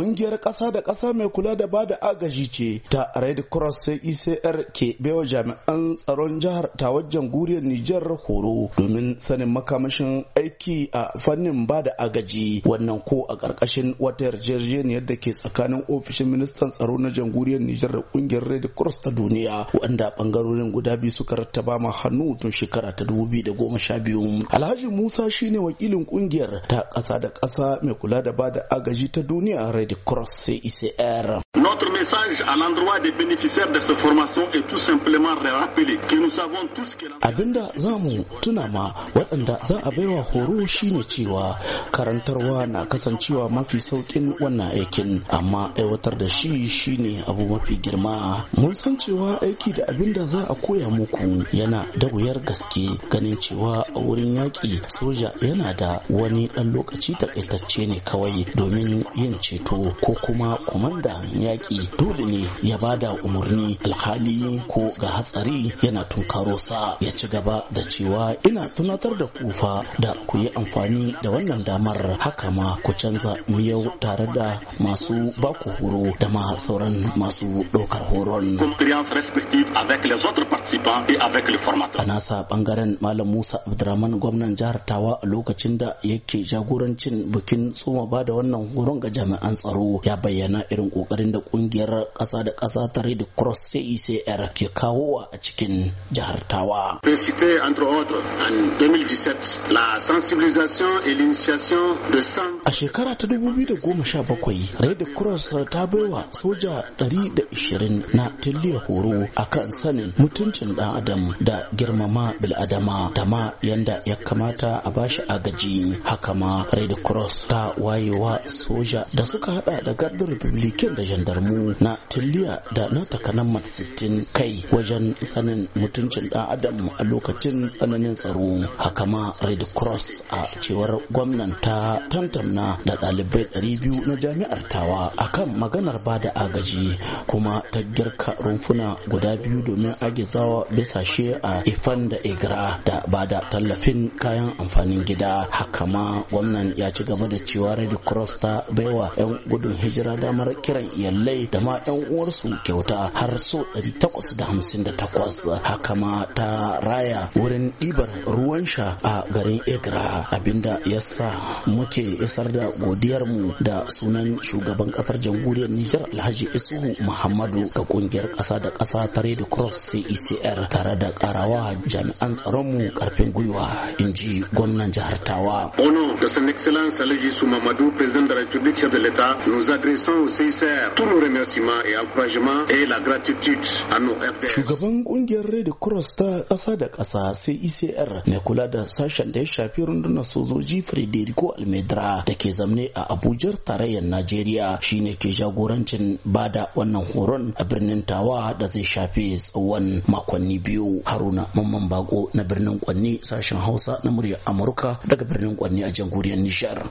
Ƙungiyar ƙasa da kasa mai kula da bada agaji ce ta Red Cross sai ke baiwa jami'an tsaron jihar ta wajen guriyar Nijar horo domin sanin makamashin aiki a fannin bada agaji wannan ko a karkashin wata yarjejeniyar da ke tsakanin ofishin ministan tsaro na jamhuriyar Nijar da ƙungiyar Red Cross ta duniya wanda ɓangarorin guda biyu suka rattaba ma hannu tun shekara ta biyu. Alhaji Musa shine wakilin ƙungiyar ta kasa da ƙasa mai kula da bada agaji ta duniya Red de Cross CICR. Notre message à l'endroit des bénéficiaires de cette formation est tout simplement de rappeler que nous savons tous que Abinda za mu tuna ma waɗanda za a baiwa horo shine cewa karantarwa na kasancewa mafi saukin wannan aikin amma aiwatar da shi shine abu mafi girma. Mun san cewa aiki da abinda za a koya muku yana da wuyar gaske ganin cewa a wurin yaƙi soja yana da wani ɗan lokaci takaitacce ne kawai domin yin ceto tsaro ko kuma kwamandan yaƙi dole ne ya ba da umarni alhali ko ga hatsari yana tunkaro sa ya ci gaba da cewa ina tunatar da kufa da ku yi amfani da wannan damar haka ma ku canza miyau tare da masu baku horo da ma sauran masu ɗaukar horon. A nasa ɓangaren Malam Musa Abdurrahman gwamnan jihar Tawa a lokacin da yake jagorancin bikin tsoma ba da wannan horon ga jami'an tsaro. tsaro ya bayyana irin kokarin da kungiyar ƙasa da ƙasa ta Red Cross CICR e ke kawo a cikin jihar Tawa. A shekara ta 2017 Red Cross ta baiwa soja 120 na tilliya horo a kan sanin mutuncin dan adam da girmama bil'adama da ma yanda ya kamata a bashi agaji haka ma Red Cross ta wayewa soja da suka hada da gardin republican da jandarmu na tulliya da na takanan sittin kai wajen tsanin mutuncin dan adam a lokacin tsananin tsaro Hakama ma red cross a cewar gwamnan ta tantamna da ɗalibai biyu na jami'ar tawa akan maganar bada agaji kuma ta girka rumfuna guda biyu domin agizawa bisashe a ifan da igra da bada tallafin kayan amfanin gida Hakama gwamnan ya ci gaba da cewa red cross ta baiwa 'yan gudun hijira damar kiran iyalai da ma 'yan uwarsu kyauta har so 858 haka ma ta raya wurin ɗibar ruwan sha a garin Egra abinda ya sa muke isar da godiyarmu da sunan shugaban kasar jamhuriyar Nijar Alhaji Isuhu Muhammadu ga kungiyar ƙasa da ƙasa ta Red Cross CECR tare da karawa jami'an tsaronmu karfin gwiwa in ji gwamnan jihar Tawa. Ono da San Excellence Alhaji Mamadu Muhammadu President da Republic of the nous adressons au CICR tous nos remerciements et encouragements et la gratitude à nos RDS. Shugaban kungiyar Red Cross ta ƙasa da ƙasa sai ICR e mai kula da sashen da ya shafi rundunar sojoji Frederico Almedra da ke zamne a Abuja tarayyar Najeriya shine ke jagorancin bada wannan horon a birnin Tawa da zai shafi tsawon makonni biyu. Haruna Mamman Bago na birnin Kwanni sashen Hausa na Murya Amurka daga birnin Kwanni a jamhuriyar Nijar.